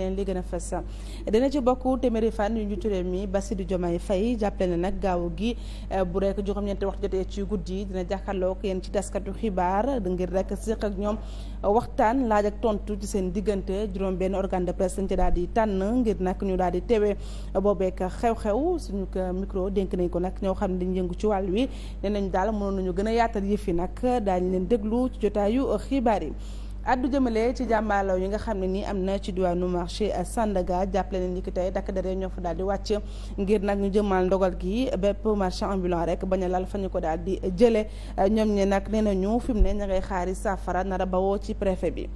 leen li gën a fës dina ci bokk téeméeri fan yu ñu turee mi Bassirou Diomaye Faye jàppale na nag gaaw gi eh, bu rek juróom-ñeenti waxtu jotee ci guddi dina jàkkaarloo ak yéen ci taskatu xibaar ngir rek séq ak ñoom waxtaan laaj ak tontu ci seen diggante juróom benn organe de daal di tànn ngir nag ñu daal di teewee boobeek xew-xew su suñu micro denk nañ ko nag ñoo xam ne dañ yëngu ci wàll wi nee daal mënoon nañu gën a yaatal yëf yi nag daañu leen déglu ci jotaayu xibaar yi addu jëmale ci jàmbaarlaw yi nga xam ne nii am na ci diwaanu marché Sandaga jàppale leen ni ki tey dakk dare ñoo fa daal di ngir nag ñu jëmal ndogal gi bépp marché ambulant rek bañ a lal fa ñu ko daal di jëlee ñoom ñe nag nee nañu fi mu ne ña ngay xaari saafara nara bawoo ci préfet bi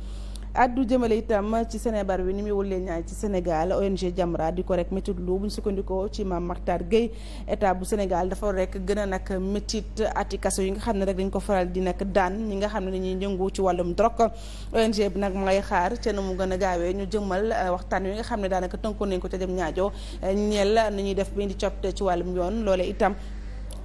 addu jëmale itam ci Sénébar bi ni muy wëlee ñaay ci Sénégal ONG Jamra di ko rek métit lu buñ sukkandikoo ci Mame Mactar Guèye état bu Sénégal dafa rekk gën a nag métit ati kaso yi nga xam ne rek dañ ko faral di nag daan ñi nga xam ne dañuy yëngu ci wàllum drogue ONG bi nag may xaar ca na mu gën a gaawee ñu jëmal euh, waxtaan wi nga xam ne daanaka tënkoon nañ ko ca dem ñaajoo ñeel ni ñuy def ba indi coppite ci wàllum yoon loole itam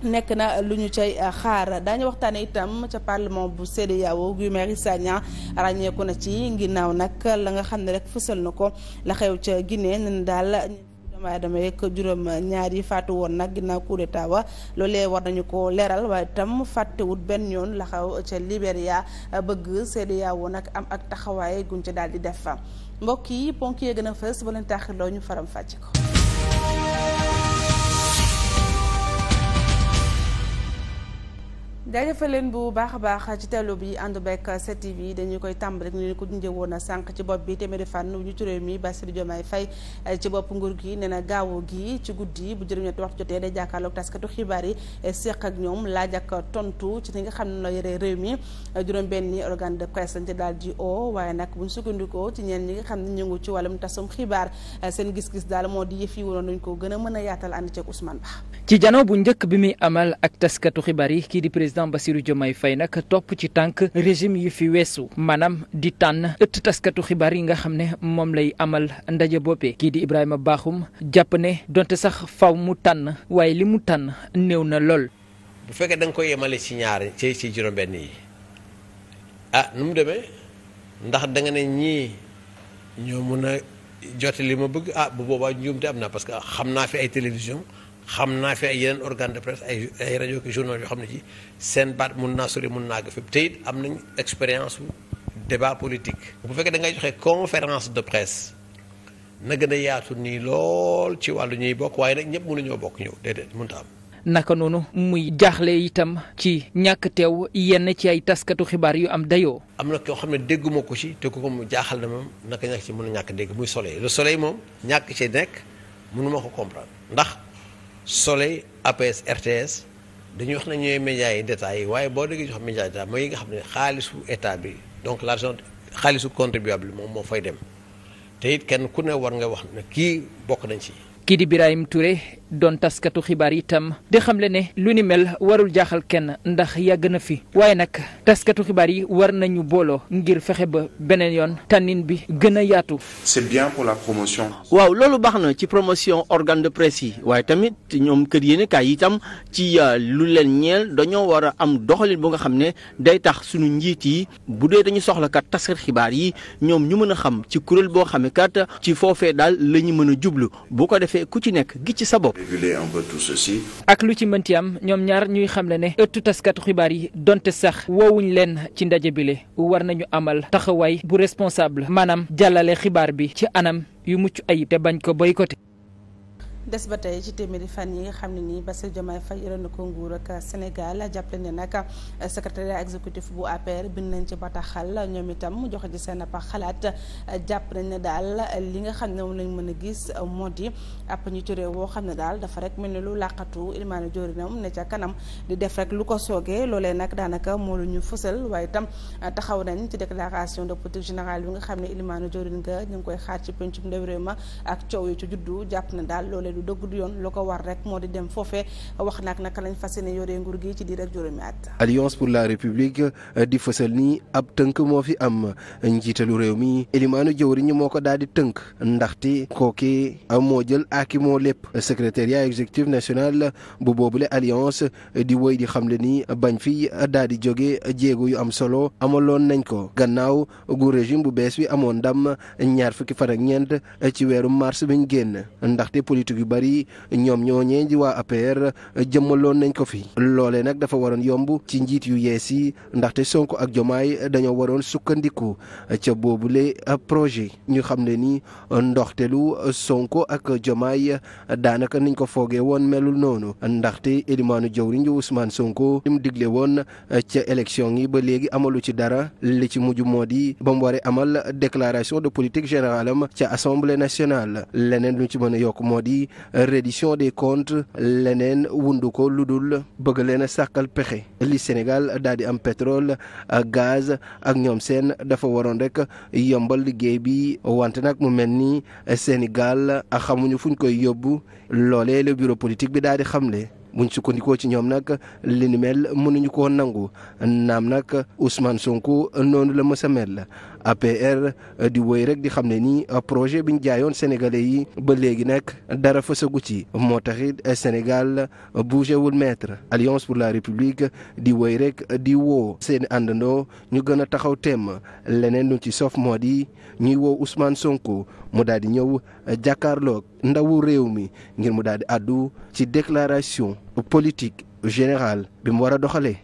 nekk na lu ñu cay euh, xaar daañu waxtaane itam ca parlement bu CEDEAO Guy Marius Sagna ràññeeku na ci ginnaaw nag la nga xam ne rek fësal na ko laxew ca Guinée nan daal waaye dama ñaar yi faatu woon nag ginnaaw coup d'état loole loolee war nañu ko leeral waaye itam fàttewut benn yoon la xew ca Libéria bëgg CEDEAO nag am ak taxawaay guñ ca daal di def fa mbokk yi ponk yee gën a fës ba leen taaxirloo ñu faram fàcc ko jaajëfal leen bu baax a baax ci teelu bi ànd bekk 7TV dañu koy tàmbali ñu ko dunjee woon a sànq ci bopp bi téeméeri fànn bu ñu turee mi Bassirou Diomaye Faye ci na gaawu gi ci guddi bu juróom-ñetti waxtu jotee day jàkkaarloog taskatu xibaar yi seq ak ñoom laaj ak tontu ci li nga xam ne la yore réew mi juróom-benni organe de presse lañ ci daal di o waaye nag bu sukkandikoo ci ñeen ñi nga xam ne ñëngu ci wàllum tasum xibaar seen gis-gis daal moo di yëf waroon nañ ko gën a mën a yaatal ànd ceeg Ousmane Ba ci janoo bu njëkk bi muy amal ak taskatu xibaar yi kii di président président Bassirou Diomaye Faye nag topp ci tànk régime yi fi weesu maanaam di tànn ëtt taskatu xibaar yi nga xam ne moom lay amal ndaje boppee kii di Ibrahima Bakhoum jàpp ne donte sax faw mu tànn waaye li mu tànn néew na lool. bu fekkee da koy yemale ci ñaar ci ci juróom-benn yi ah nu mu demee ndax da nga ne ñii ñoo mun a jote li ma bëgg ah bu boobaa njuumte am na parce que xam naa fi ay télévision. xam naa fi ay yeneen organe de presse ay ay rajo ki journaux yoo xam ne ci seen baat mun naa sori mun naa ko fépp te am nañ expérience débat politique bu fekkee da ngay joxe conférence de presse na gën a yaatu nii lool ci wàllu ñuy bokk waaye nag ñëpp mënuñoo bokk ñëw déedéet mënut a am. naka noonu muy jaaxle itam ci ñàkk teew yenn ci ay taskatu xibaar yu am dayoo. am na koo xam ne dégguma ko ci te ku ko mu jaaxal na moom naka ñàkk ci mën a ñàkk dégg muy soleil le soleil moom ñàkk ci nekk mënuma ko comprendre ndax. soleil APS RTS dañuy wax ne ñooy médias yi d'état yi waaye boo déggee jox média médias mooy yi nga xam ne xaalisu état bi donc la l'argent xaalisu contribuable moom moo fay dem te it kenn ku ne war nga wax ne kii bokk nañ ci. kii di Birahim Touré doon taskatu xibaar itam di xamle ne lu ni mel warul jaaxal kenn ndax yàgg na fi waaye nag taskatu xibaar yi war nañu booloo ngir fexe ba beneen yoon tànnin bi gën a yaatu. c'est bien pour waaw loolu baax na ci promotion organe de presse yi waaye tamit ñoom kër yéenekaay yi tam ci euh, lu leen ñeel dañoo war am doxalin bu nga xam ne day tax suñu njiit yi bu dee dañu soxla taskat xibaar yi ñoom ñu mën a xam ci kuréel boo xam ne kat ci foofee daal la mën a jublu ku ci nekk gi ci sa bopp. ak lu ci mënti am ñoom ñaar ñuy xam ne ëttu taskatu xibaar yi donte sax woowuñ leen ci ndaje bile war nañu amal taxawaay bu responsable maanaam jàllale xibaar bi ci anam yu mucc ayib te bañ ko boycotté. des ba tey ci téeméeri fan yi nga xam ne nii Bassirou Diomaye Faye yore na ko nguur ak Sénégal jàppale ne nag secrétariat exécutif bu APR bind nañ ci bataaxal ñoom itam joxe ci seen xalaat jàpp nañ ne daal li nga xam ne moom lañ mën a gis moo di ab njiitu réew woo xam ne daal dafa rek mel ni lu làqatu ilmaani jóorinam ne ca kanam di def rek lu ko soogee loolee nag daanaka moo lu ñu fësal waaye itam taxaw nañ ci déclaration de politique générale bi nga xam ne ilmaani jóorin nga ñu ngi koy xaar ci pencum ndaw réew ma ak coow yu ci juddu jàpp na daal du dëgg du yoon lu ko war rek moo di dem foofee wax naag naka lañ fas yéene yoree nguur gi ci diir ak juróomi at. Alliance pour la République euh, di fësal ni ab tënk moo fi am njiitalu réew mi Elimaanu jëwriñ moo ko daal di tënk ndaxte kooki euh, moo jël aaki moo lépp secrétariat exécutif national bu boobule alliance euh, di woy di xamle ni bañ fi daal di jóge jéego yu am solo amaloon nañ ko gannaaw gu régime bu bees bi amoon ndam ñaar fukki fan ak ñeent ci weeru mars biñ génn yu bari ñoom ñooñee di waa appaire jëmmaloon nañ ko fi loolee nag dafa waroon yomb ci njiit yu yees yi ndaxte Sonko ak Jomaay dañoo waroon sukkandiku ca boobu boobule projet ñu xam ne ni ndoxte lu Sonko ak Jomaay daanaka niñ ko foogee woon melul noonu ndaxte élimaanu jëwriñ ju Ousmane Sonko li mu digle woon ca élection yi ba léegi amalu ci dara li ci mujj moo di ba mu waree amal déclaration de politique générale ca assemblée nationale leneen lu ci a yokk reddition des comptes leneen wundu lu dul bëgg leen a sàkkal pexe li Sénégal daal di am pétrole gaz ak ñoom seen dafa waroon rek yombal liggéey bi wante nag mu mel ni Sénégal xamuñu fu ñu koy yóbbu loole le bureau politique bi daal di xamle buñ sukkandikoo ci ñoom nag li ni mel mënuñu ko nangu naam nag Ousmane Sonko noonu la mës a mel APR di woy rek di xam ne nii projet bi ñu jaayoon sénégalais yi ba léegi nag dara fësagu ci moo taxit Sénégal bougé wul maître Alliance pour la République di woy rek di woo seen àndandoo ñu gën a taxaw temm leneen lu ci sof moo di ñuy woo Ousmane Sonko mu daal di ñëw eh, jàkkaarlook ndawu réew mi ngir mu daal di àddu ci déclaration politique général bi mu war a doxalee.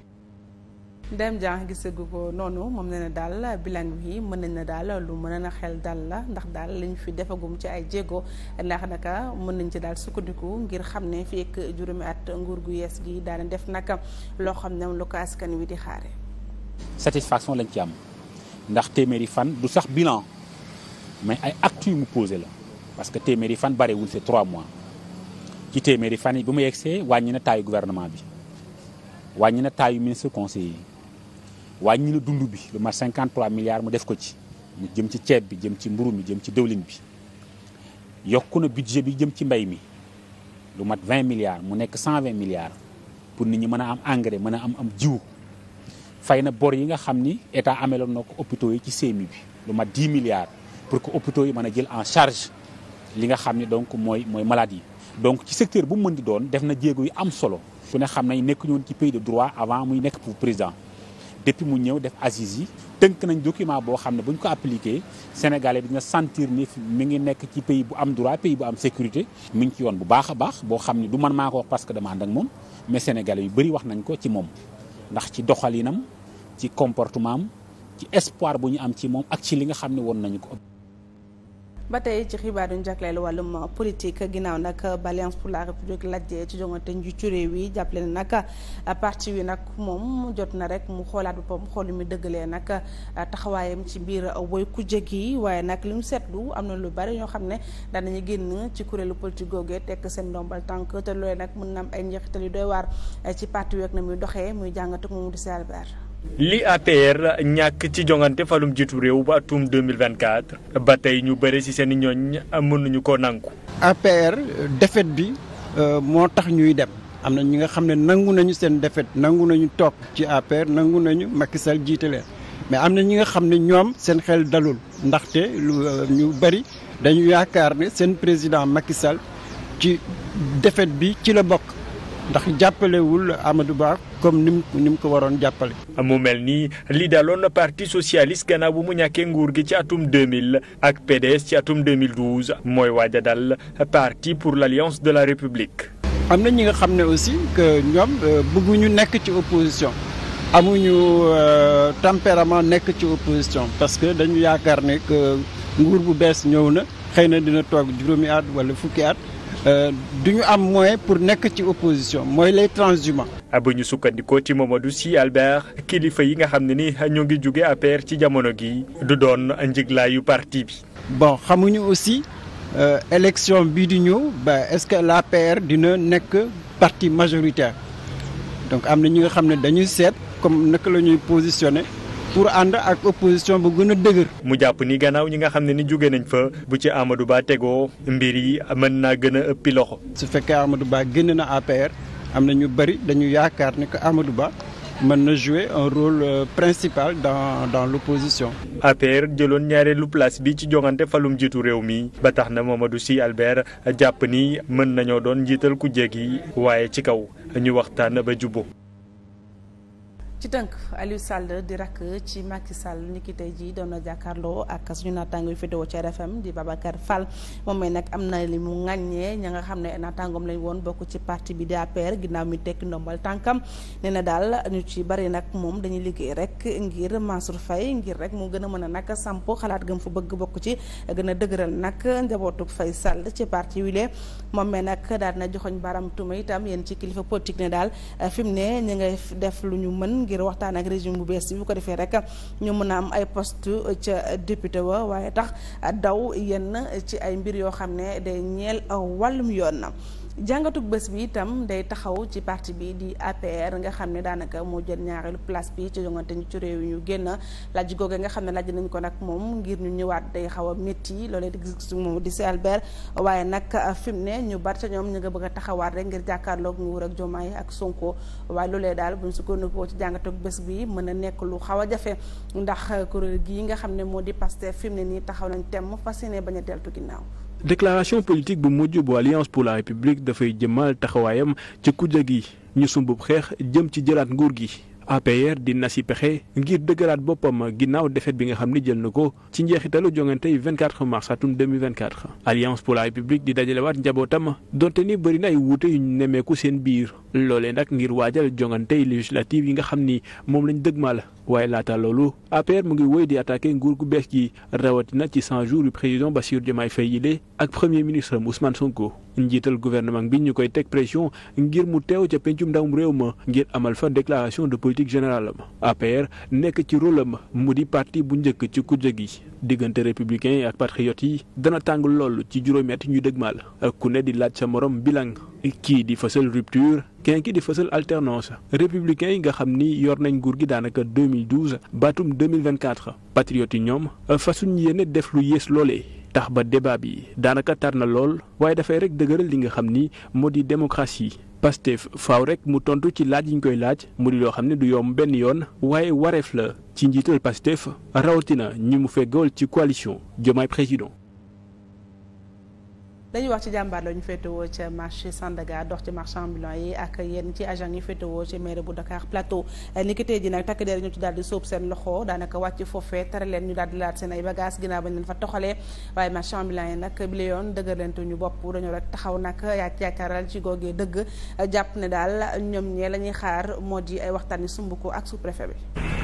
Dame Dieng gisagu ko noonu moom nee na daal bilan wi mën nañ na daal lu mën na xel dal la ndax daal lañ fi defagum ci ay jéego ndax naka mën nañ ci daal sukkandiku ngir xam ne fii ak juróomi at nguur gu yees gi daana def naka loo xam ne lu ko askan wi di xaare satisfaction lañ ci am ndax téeméeri fan du sax bilan mais ay actes yu mu posé la parce que téeméeri fan barewul se trois mois ci téeméeri fan yi bu mu yegsee wàññi na taayu gouvernement bi wàññi na taayu ministre conseiller yi wàññi na dund bi lu mat 53 milliards mu def ko ci mu jëm ci ceeb bi jëm ci mburu mi jëm ci dëwlin bi yokku na budget bi jëm ci mbay mi lu mat 20 milliards mu nekk 120 milliards pour nit ñi mën a am engrais mën a am am jiw fay na bor yi nga xam ni état ameloon na ko hôpitaux yi ci CMU bi lu mat 10 milliards pour que hôpitaux yi mën a jël en charge li nga xam ne donc mooy mooy maladie donc ci secteur bu mu mën di doon def na jéego yi am solo ku ne xam nañ nekk ñoon ci pays de droit avant muy nekk pour président depuis mu ñëw def assises yi tënk nañ document boo xam ne bu ñu ko appliqué sénégalais bi dina sentir ni mu ngi nekk ci pays bu am droit pays bu am sécurité mi ngi ci yoon bu baax a baax boo xam ne du man maa ko wax parce que dama ànd ak moom mais sénégalais yu bëri wax nañ ko ci moom ndax ci doxalinam ci comportement ci espoir bu ñu am ci moom ak ci li nga xam ne woon nañu ko ba tey ci xibaar yu ñu jagleel wàllum politique ginnaaw nag alliance pour la république lajjee ci joŋante njiitu réew yi jàppale ne nag parti wi nag moom jot na rek mu xoolaat boppam xool mi dëggalee nag taxawaayam ci biir aw ku jëkk yi waaye nag li mu seetlu am na lu bari ñoo xam ne daanañu génn ci kuréelu politique googee tekk seen ndombal tànk te loolee nag mun na am ay njeexital yu doy waar ci parti wi ak na muy doxee muy jàngatu moom di Albert li APR ñàkk ci jongante falum jiitu réew ba atum 2024 ba tey ñu bëri ci seen i ñooñ mënuñu ko nangu. APR défaite bi euh, moo tax ñuy dem am na ñi nga xam ne nangu nañu seen défaite nangu nañu toog ci APR nangu nañu Macky Sall jiite leen mais am na ñi nga xam ne ñoom seen xel dalul ndaxte lu euh, ñu bëri dañu yaakaar ne seen président Macky ci défaite bi ci la bokk. ndax jàppalewul Amadou Ba comme ni mu ni mu ko waroon jàppale. mu mel nii li daloon na parti socialiste gannaaw bu mu ñàkkee nguur gi ci atum 2000 ak PDS ci atum 2012 mooy waaja a dal parti pour l'alliance de la république. am na ñi nga xam ne aussi que ñoom euh, ñu nekk ci opposition amuñu euh, tempérament nekk ci opposition parce que dañu yaakaar ne que nguur bu bees ñëw na xëy na dina toog juróomi at wala fukki at. Euh, du ñu am moyen pour nekk ci opposition mooy les transhumants. Ah, bu ñu sukkandikoo ci du Sy Albert kilifa yi nga xam ne ni ñoo ngi jóge APR ci jamono gi du doon njëglaayu parti bi. bon xamuñu aussi euh, élection bii di ñëw ba est-ce que l'APR dina nekk parti majoritaire donc am na ñi nga xam ne dañuy seet comme naka la ñuy positionné. pour ànd ak opposition bu gën a dëgër. mu jàpp ni gannaaw ñi nga xam ne ni jóge nañ fa bu ci Amadou Ba tegoo mbir yi mën naa gën a ëppi loxo. su fekkee Amadou Ba génn na APR am na ñu bëri dañu yaakaar ne que amadu Ba. mën na jouer un rôle euh, principal dans dans l'opposition. APR jëloon ñaareelu place bi ci joŋante falum jiitu réew mi ba tax na Mamadou Sy Albert jàpp ni mën nañoo doon njiital ku jéggi waaye ci kaw ñu waxtaan ba jubbo ci tënk Aliou Sall di rakk ci Macky Sall ni ki tey jii doon na jàkkaarloo ak yu féetewoo ci RFM di Babacar Fall moom may nag am na li mu ŋàññee ña nga xam ne naataangoom lañ woon bokk ci parti bi di APR ginnaaw mi tekki ndombal tànkam nee na daal ñu ci bari nag moom dañuy liggéey rek ngir Mansour Faye ngir rek mu gën a mën a nag samp xalaat gëm fa bëgg bokk ci gën a dëgëral nag njabootu Faye Sall ci parti wile moom may nag daal na joxoñ baram tuma itam yéen ci kilifa politique ne daal fi mu ne waxtaan ak régime bu bees bi bu ko defee rek ñoo mën a am ay post ca député wa waaye tax daw yenn ci ay mbir yoo xam ne day ñeel wàllum yoon na jàngatug bés bi itam day taxaw ci parti bi di APR nga xam ne daanaka moo jël ñaareelu place bi ci jongante ñu ci réew ñu génn laaj googe nga xam ne laaj nañ ko nag moom ngir ñu ñëwaat day xaw a métti loolee di gis moom di si Albert waaye nag ah, fi mu ne ñu bari ca ñoom ñu nga bëgg taxawaat rek ngir jàkkaarloog nguur ak Jomaay ak Sonko waaye loolee daal buñ sukkandikoo ci jàngatug bés bi mën a nekk lu xaw a jafe ndax kuréel gii nga xam ne moo di Pastef fi mu ne nii taxaw nañ temm fas yéene bañ a deltu ginnaaw déclaration politique bu mujj bu alliance pour la dafay jëmal taxawaayam ci kujje gi ñu sumbub xeex jëm ci jëlaat nguur gi APR di nasi pexe ngir dëgëraat boppam ginnaaw defet bi nga xam ni jël na ko ci njeexitalu jongante yi 24 mars atum 2024. Alliance pour la République di dajalewaat njabootam donte ni bëri na ay wuute yu ñu nemmeeku seen biir loolee nag ngir waajal jongante yi législative yi nga xam ni moom lañu lañ la waaye laata loolu APR mu ngi woy di attaqué nguur gu bees gi rawatina ci 100 jours yu président Bassirou Diomaye Faye yile ak premier ministre Ousmane Sonko. njiital gouvernement bi ñu koy teg pression ngir mu teew ca pencum ndawum réew ma ngir amal fa déclaration de politique générale ma APR nekk ci rôle ma mu di parti bu njëkk ci kujje gi diggante républicain yi ak patriotes yi dana tàng loolu ci juróomi at ñuy dëgmaal ku ne di laaj sa morom bilang kii di fësal rupture kenn ki di fësal alternance républicain yi nga xam ni yor nañ nguur gi daanaka 2012 baatum 2024 patriotes yi ñoom fasuñ yéene def lu yées loolee tax ba débat bi daanaka tar na lool waaye dafay rek dëgëral li nga xam ni moo di démocratie Pastef faw rek mu tontu ci laaj yi ñu koy laaj mu di loo xam ne du yomb benn yoon waaye wareef la ci njiital Pastef rawatina ñi mu feggool ci coalition Diomaye Président dañuy wax ci jàmbaar lañu ñu féetewoo ca marché Sandaga dox ci marché ambulant yi ak yenn ci agent yi féetewoo ci mairie bu Dakar Plateau ni ki tey ji nag takk der ñu ci daal di sóob seen loxo daanaka wàcc foofee tere leen ñu daal di laat seen ay bagage ginnaaw bañ leen fa toxalee waaye marché ambulant yi nag bi la yoon dëgërlentu ñu bopp dañoo rek taxaw nag yaa yaakaaral ci googee dëgg jàpp ne daal ñoom ñee la ñuy xaar moo di ay waxtaan yi sumb ko ak sous-préfet bi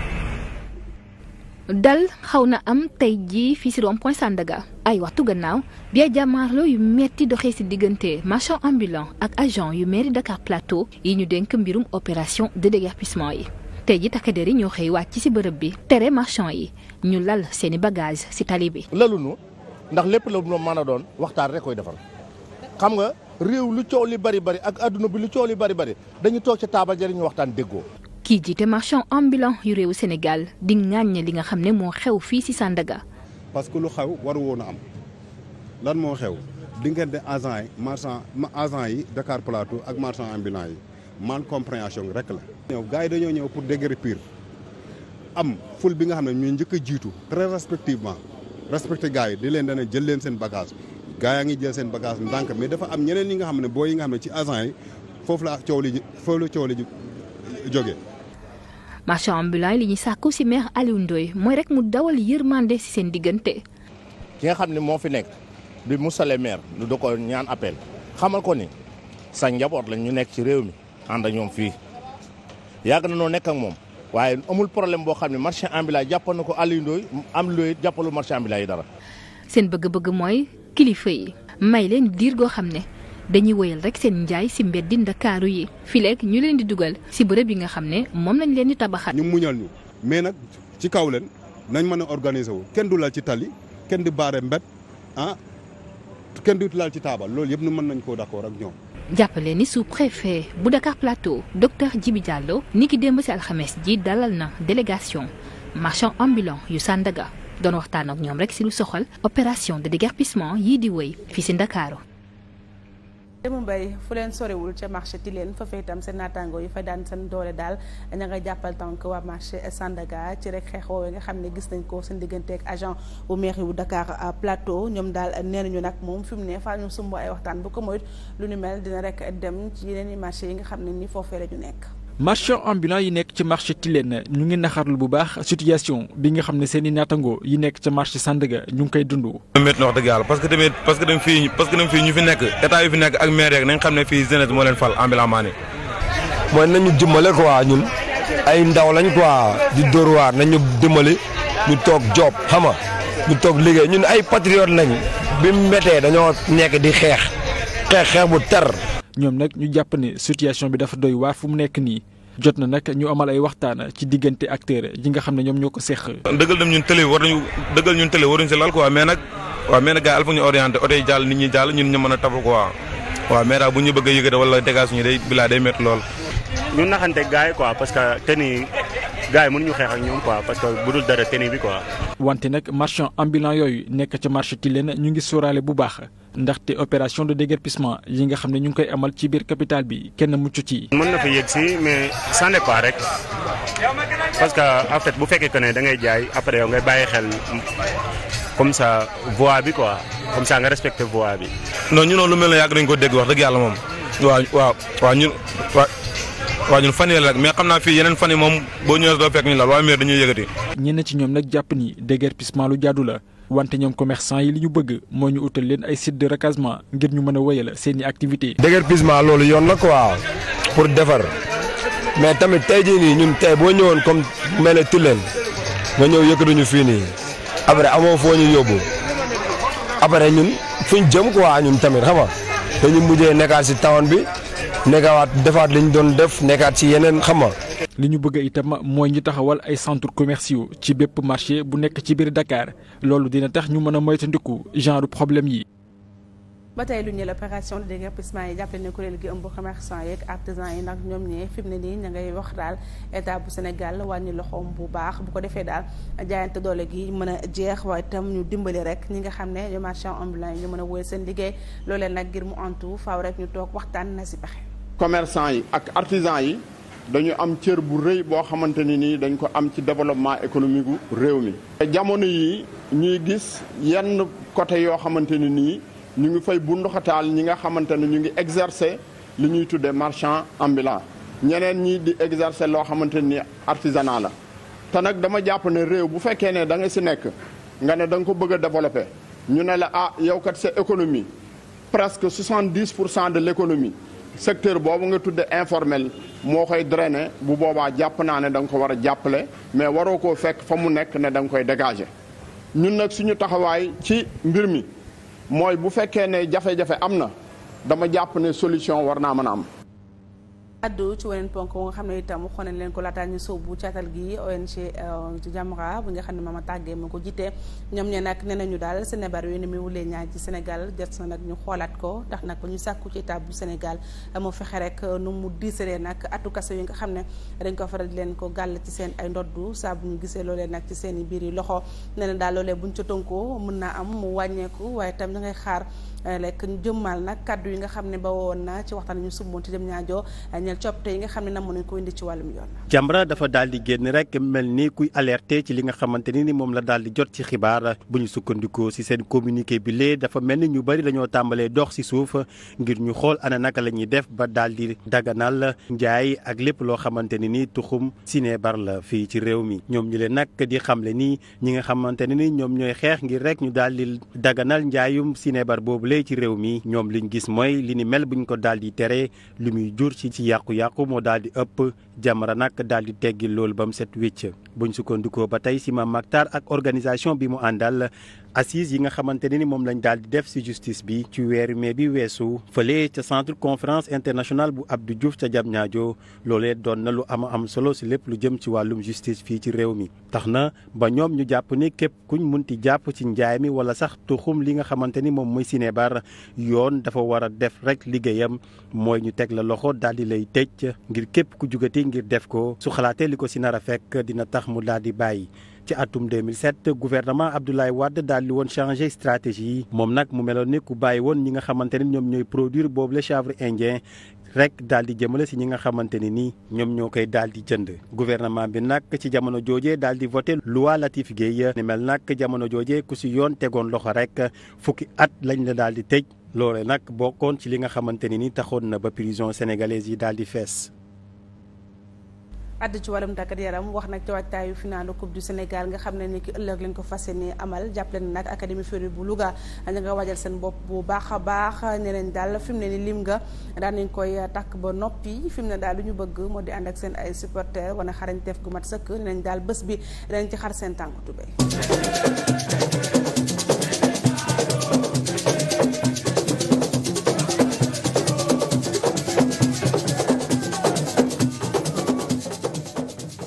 dal xaw na am tey jii fii ci rond-point Sandaga ay waxtu gannaaw bi ay jàmmaarloo yu metti doxee ci diggante marchand ambulant ak agent yu meri Dakar Plateau yi ñu denk mbirum opération de déguerpissement yi tey ji takk der yi ñoo xëy wàcc ci bërëb bi tere marchand yi ñu lal seeni bagage ci tali bi lalunu ndax lépp la mu mën a doon waxtaan rek koy defal xam nga réew lu coow li bari bari ak adduna bi lu coow li bari bari dañu toog ci taabal jariñu waxtaan déggoo kii jii jiite marchand ambulant yu réewu Sénégal di ŋàññ li nga xam ne moo xew fii ci Sandaga. parce que lu xew waru woon a am lan moo xew diggante agent yi ma agent yi Dakar Plateau ak marchand ambulant yi mal compréhension rek la. ñëw gars yi dañoo ñëw pour déguerpir am ful bi nga xam ne ñu njëkk jiitu très respectivement respecté gars yi di leen dana jël leen seen bagage gars yaa ngi jël seen bagage ndànk mais dafa am ñeneen yi nga xam ne boo yi nga xam ci agent yi foofu la coow li ji la coow li ji jóge marchand ambulant li ñuy sàkku ci maire Aliou Ndoye mooy rek mu dawal mànde si seen diggante. ki nga xam ne moo fi nekk di Moussa le maire lu da ñaan appel xamal ko ni sa njaboot la ñu nekk ci réew mi ànd ak ñoom fii yàgg na noo nekk ak moom waaye amul problème boo xam ne marchand ambulant jàppal na ko Aliou am jàppalu marchand ambulant yi dara. seen bëgg-bëgg mooy kilifa yi may leen diir goo xam ne. dañuy woyal rek seen njaay si mbeddi ndakaaru yi fileeg ñu leen di dugal si bërëb yi nga xam ne moom lañ leen di tabaxal. ñu muñal ñu mais nag ci kaw leen nañ mën a organiser wu kenn du laal ci tali kenn di baare mbed ah kenn du laal ci taabal loolu yëpp nu mën nañ koo d'accord ak ñoom. jàppale ni sous-préfet bu Dakar Plateau docteur Djibi Diallo ni ki démb si alxames ji dalal na délégation marchand ambulant yu Sandaga doon waxtaan ak ñoom rek si lu soxal opération de déguerpissement yii di wéy fii si Ndakaaru Démb Mbaye fu leen sorewul ca marché Tilène fa fay itam seen naataango yi fa daan seen doole daal ña nga jàppal tànk waa marché Sandaga ci rek xeex woowee nga xam ne gis nañ ko seen diggante ak agent bu mairie bu Dakar euh, Plateau ñoom daal nee nañu nag moom fi mu ne faa ñu sumb ay waxtaan bu ko moytu lu nu mel dina rek dem ci yeneen i marché yi nga xam ne nii foofee la ñu nekk. marchand ambulant yi nekk ci marché Tilène ñu ngi naxarlu bu baax situation bi nga xam ne seen i naatangoo yi nekk ca marché Sandaga ñu ngi koy dund. métti na wax dëgg parce que tamit parce que dem fii parce que dem ñu fi nekk état yu fi nekk ak maire yeeg nañ xam ne fii jeunesse moo leen fal ambulant maa ne. mooy nañu dimbale waa ñun ay ndaw lañ quoi di dóor waar nañu dimbali ñu toog joob xam nga ñu toog liggéey ñun ay patriote lañ bi mu méttee dañoo nekk di xeex xeex bu tar. ñoom nag ñu jàpp ne situation bi dafa doy waar fu mu nekk nii jot na nag ñu amal ay waxtaan ci diggante acteur yi nga xam ne ñoom ñoo ko seq. dëggal dem ñun télé war nañu dëggal ñun télé waruñu si lal quoi mais nag waaw mais nag gars yi alfa ñu orienté oto jàll nit ñi jàll ñun ñu mën a tabu quoi waaw mais bu ñu bëgg a yëgate wala dégâts suñu day bilaa day métti lool. ñu naxante gars yi quoi parce que te nii gars yi mënuñu xeex ak ñoom quoi parce que bu dul dara tenue bi quoi. wante nag marchand ambulant yooyu nekk ca marché Tilène ñu ngi sóoraale bu baax ndaxte opération de déguerpissement yi nga xam ne ñu ngi koy amal ci biir capitale bi kenn muccu ci. mën na ko yegg si mais ça n'est pas rek parce que en fait bu fekkee que ne da ngay jaay après yow ngay bàyyi xel comme sa voie bi quoi comme ça nga respecté voie bi. non ñu noonu lu mel na yàgg dañ ko dégg wax dëgg yàlla moom. waaw ñun fan yi la mais xam naa fii yeneen fan yi moom boo ñëwee doo fekk ñu la waaye meer dañuy yëkkati. ñenn ci ñoom nag jàpp ni déguerpissement lu jàddu la wante ñoom commerçant yi li ñu bëgg moo ñu utal leen ay sites de recasement ngir ñu mën a wéyal seen i activités. déguerpissement loolu yoon la quoi pour defar mais tamit tey jii nii ñun tey boo ñëwoon comme mel ne Tilène nga ñëw yëkkatuñu fii nii après amoo foo ñu yóbbu après ñun fuñ jëm quoi ñun tamit xam nga dañu nekkawaat defaat lañu doon def nekkaat ci yeneen xam nga li ñu bëgg itam mooy ñu taxawal ay centres commerciaux ci bépp marché bu nekk ci biir dakaar loolu dina tax ñu mën a moytandiku genre problème yi. ba tey lu la opération de déguerpissement yi jàppale ne kuréel gi ëmb commerçant yeeg artisan yi nag ñoom ñee fi ne nii ña ngay wax daal état bu Sénégal wàññi loxoom bu baax bu ko defee daal jaayante doole gi mën a jeex waaye itam ñu dimbali rek ñi nga xam ne les marchands ambulants yi ñu mën a wóyal seen liggéey loolee nag ngir mu antu faaw rek ñu toog waxtaan na si pexe. commerçant yi ak artisan yi dañu am cër bu rëy boo xamante ni nii dañ ko am ci développement économique gu réew mi. jamono yii ñuy gis yenn côté yoo xamante ni nii ñu ngi fay bunduxataal ñi nga xamante ne ñu ngi exercer li ñuy tuddee marchand ambulant ñeneen ñii di exercer loo xamante nii artisanat la. te nag dama jàpp ne réew bu fekkee ne da nga si nekk nga ne da nga ko bëgg a ñu ne la ah yow kat sa économie presque 70 pour cent de l' économie. secteur boobu nga tudde informel moo koy drainer bu boobaa jàpp naa ne danga ko war a jàppale mais waroo koo fekk fa mu nekk ne da nga koy dégager ñun nag suñu taxawaay ci mbir mi mooy bu fekkee ne jafe-jafe am na dama jàpp ne solution war naa mën a am addu ci weneen ponk bu nga xam ne itam xone leen ko laataa ñu bu caatal gi ONG euh, Jamra bu nga xam ne Mama Tàggee moo ko jiite ñoom ñee nag nee ñu daal Sénébar yu ni muy ñaay ci Sénégal jot na nag ñu xoolaat ko tax nag ñu sàkku ci état bu Sénégal moo fexe rek nu mu diisalee nag atu kaso yi nga xam ne dañ ko faral di leen ko gàll ci seen ay ndoddu saa bu ñu gisee loolee nag ci seen i biir yi loxo nee na daal loolee buñ ca tënkoo mën naa am mu wàññeeku waaye tam da ngay xaar Euh, lekk ñu nag kàddu yi nga xam ne ba woon na ci waxtaan ñu sumboon ci jëm ñaajoo euh, ñeel coppite yi nga xam ne namoon nañ ko indi ci wàllum yoon. Jamra dafa daal di rek mel ni kuy alerter ci li nga xamante ne nii moom la daal di jot ci xibaar bu ñu sukkandikoo si seen communiqué bi lee dafa mel ni ñu bari dañoo tàmbalee dox si suuf ngir ñu xool ana naka lañuy def ba daal di daganal njaay ak lépp loo xamante ne ni tuxum sinébar la fii ci réew mi ñoom ñu leen nag di xamle nii ñi nga xamante ne ni ñoom ñooy xeex ngir rek ñu daal di daganal njaayum sinébar boobu loolee ci réew mi ñoom liñ gis mooy li ni mel buñ ko daal di tere lu muy jur ci ci yàqu-yàqu moo daal di ëpp Jamra nag daal di teggi loolu ba mu set wécc buñ sukkandikoo ba tey si Mame Mactar ak organisation bi mu àndal assise yi nga xamante ne ni moom lañu daal di def ci justice bi ci weeru mai bi weesu fële ca centre conférence internationale bu ab Abdou Diouf ca Diamniadio loolee doon na lu am am solo ci lépp lu jëm ci wàllum justice fii ci réew mi. tax na ba ñoom ñu jàpp ni képp kuñ munti jàpp ci njaay mi wala sax tuxum li nga xamante ni moom mooy Sinébar yoon dafa war a def rek liggéeyam mooy ñu teg la loxo daal di lay tëj ngir képp ku jugati ngir def ko su xalaatee li ko ci a fekk dina tax mu daal di bàyyi. ci atum 2007 gouvernement Abdoulaye Wade daal di woon changé stratégie yi moom nag mu meloon ne ku bàyyi woon ñi nga xamante ne ñoom ñooy produire boobu le chanvre indien rek daal di jëmale si ñi nga xamante ne nii ñoom ñoo koy daal di jënd gouvernement bi nag ci jamono joojee daal di voté loi Latif Guèye ne mel nag jamono joojee ku si yoon tegoon loxo rek fukki at lañ la daal di tëj loole nag bokkoon ci li nga xamante ne ni taxoon na ba prison sénégalaise yi daal di fees àdd ci wàllum tàggat yaram wax na ci waajtaayu finaalu coupe du Sénégal nga xam ne ni ki ëllëg lañ ko fas yéene amal jàppale ne nag académie Ferry bu Louga ña nga wajal seen bopp bu baax a baax ne leen daal fi mu ne ni lim nga daan nañ koy takk ba noppi fi mu ne daal lu ñu bëgg moo di ànd ak seen ay supporters wane xarañteef gu mat sëkk ne leen daal bés bi dañ ci xar seen tànk tubéy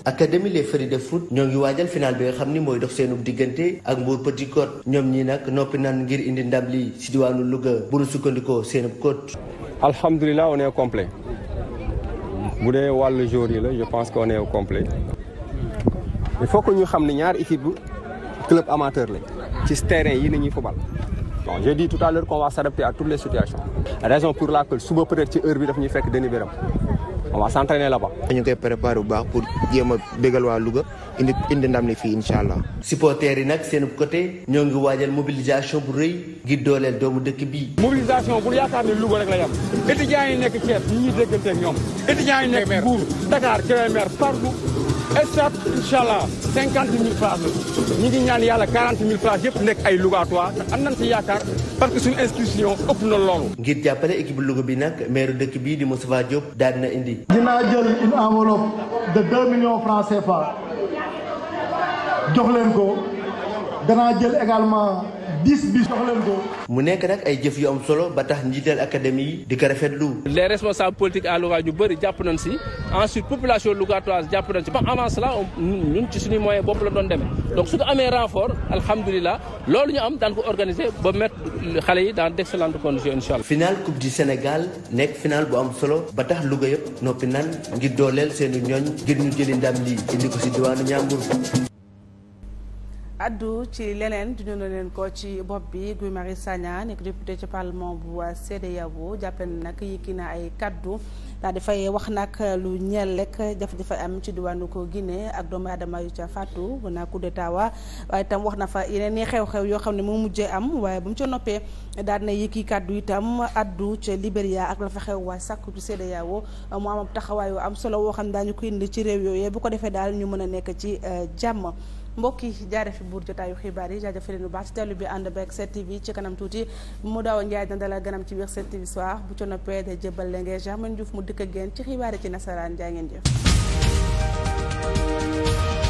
académie les Feux de foot ñoo ngi waajal final bi nga xam ni mooy dox seenub diggante ak Mbour Petite Côte ñoom ñi nag noppi naan ngir indi ndam li si diwaanu Louga bu nu sukkandikoo seenub côte. alhamdulilah on est au complet bu dee wàll jour yi la je pense qu'on est au complet il faut ñu xam ne ñaar équipe bu club amateur lañ ci terrain yi nañuy fubal. bon j'ai dit tout à l'heure qu'on va s'adapter à les situations raison pour laquelle suba peut-être ci heure bi daf ñuy fekk deni béram on va s'entraîner là-bas. ñu koy préparé bu baax pour jéem a waa Louga indi indi ndam li fii incha allah. supporters yi nag seen côté ñoo ngi waajal mobilisation bu rëy ngir dooleel doomu dëkk bi mobilisation bu yaakaar ne Louga rek la yam étudiants nekk Thiès ñu ngi dégganteeg ñoom étudiants yi nekk Mbour Dakar Kébémer partout. stade incha allah cinquante ñu ngi ñaan yàlla quarante mille yëpp nekk ay lugatoires te am nañ ci yaakaar parce que suñu inscription ëpp na loolu. ngir jàppale équipe Louga bi nag maire dëkk bii di Moustapha Diop daal na indi. dinaa jël une enveloppe de deux millions francs CFA jox leen ko. danaa jël également dix bi jox ko. mu nekk rek ay jëf yu am solo ba tax njiital académie yi di ko lu les responsables politiques à Louga yu bëri jàpp nañ si ensuite population luga lougatoise jàpp nañ si ba avant cela ñun ci suñu moyen bopp la doon demee donc su ko amee renfort alhamdulilah loolu ñu am daan ko organiser ba mettre xale yi daan d' excellentes conditions incha allah. final coupe du Sénégal nekk final bu am solo ba tax Louga yëpp noppi nan ngir dooleel seeni ñooñ ngir ñu jëli ndam lii indi ko si diwaanu Ñambur. addu ci leneen du ñu ne leen ko ci bopp bi Guy Marius Sagna nekk député ci parlement bu CEDEAO jàppale na nag yëkki na ay kaddu daal dafay wax nag lu ñeel lekk daf jafe am ci diwaanu ko Guinée ak doom aadama yu ca faatu bu naa coup d'état wa itam wax na fa yeneen i xew-xew yoo xam ne moo mujjee am waaye bu mu ca noppee daal na yëkki kaddu itam addu ca Libéria ak la fa xew waa sàkku ci CEDEAO mu am ab taxawaay yu am solo woo xam ne daañu ko indi ci réew yooyu bu ko defee daal ñu mën a nekk ci eh, jàmm mbokk yi jaare fi buur jotaayu xibaar yi jaajëfal leen bu baax ci dellu bi ànd beeg 7TV ci kanam tuuti mu daaw njaay na dalal ganam ci biir 7TV soir bu ci noppee da jëbal la ngeen Germaine Diouf mu dikk ak yéen ci xibaar yi ci nasaraan jaa ngeen jëf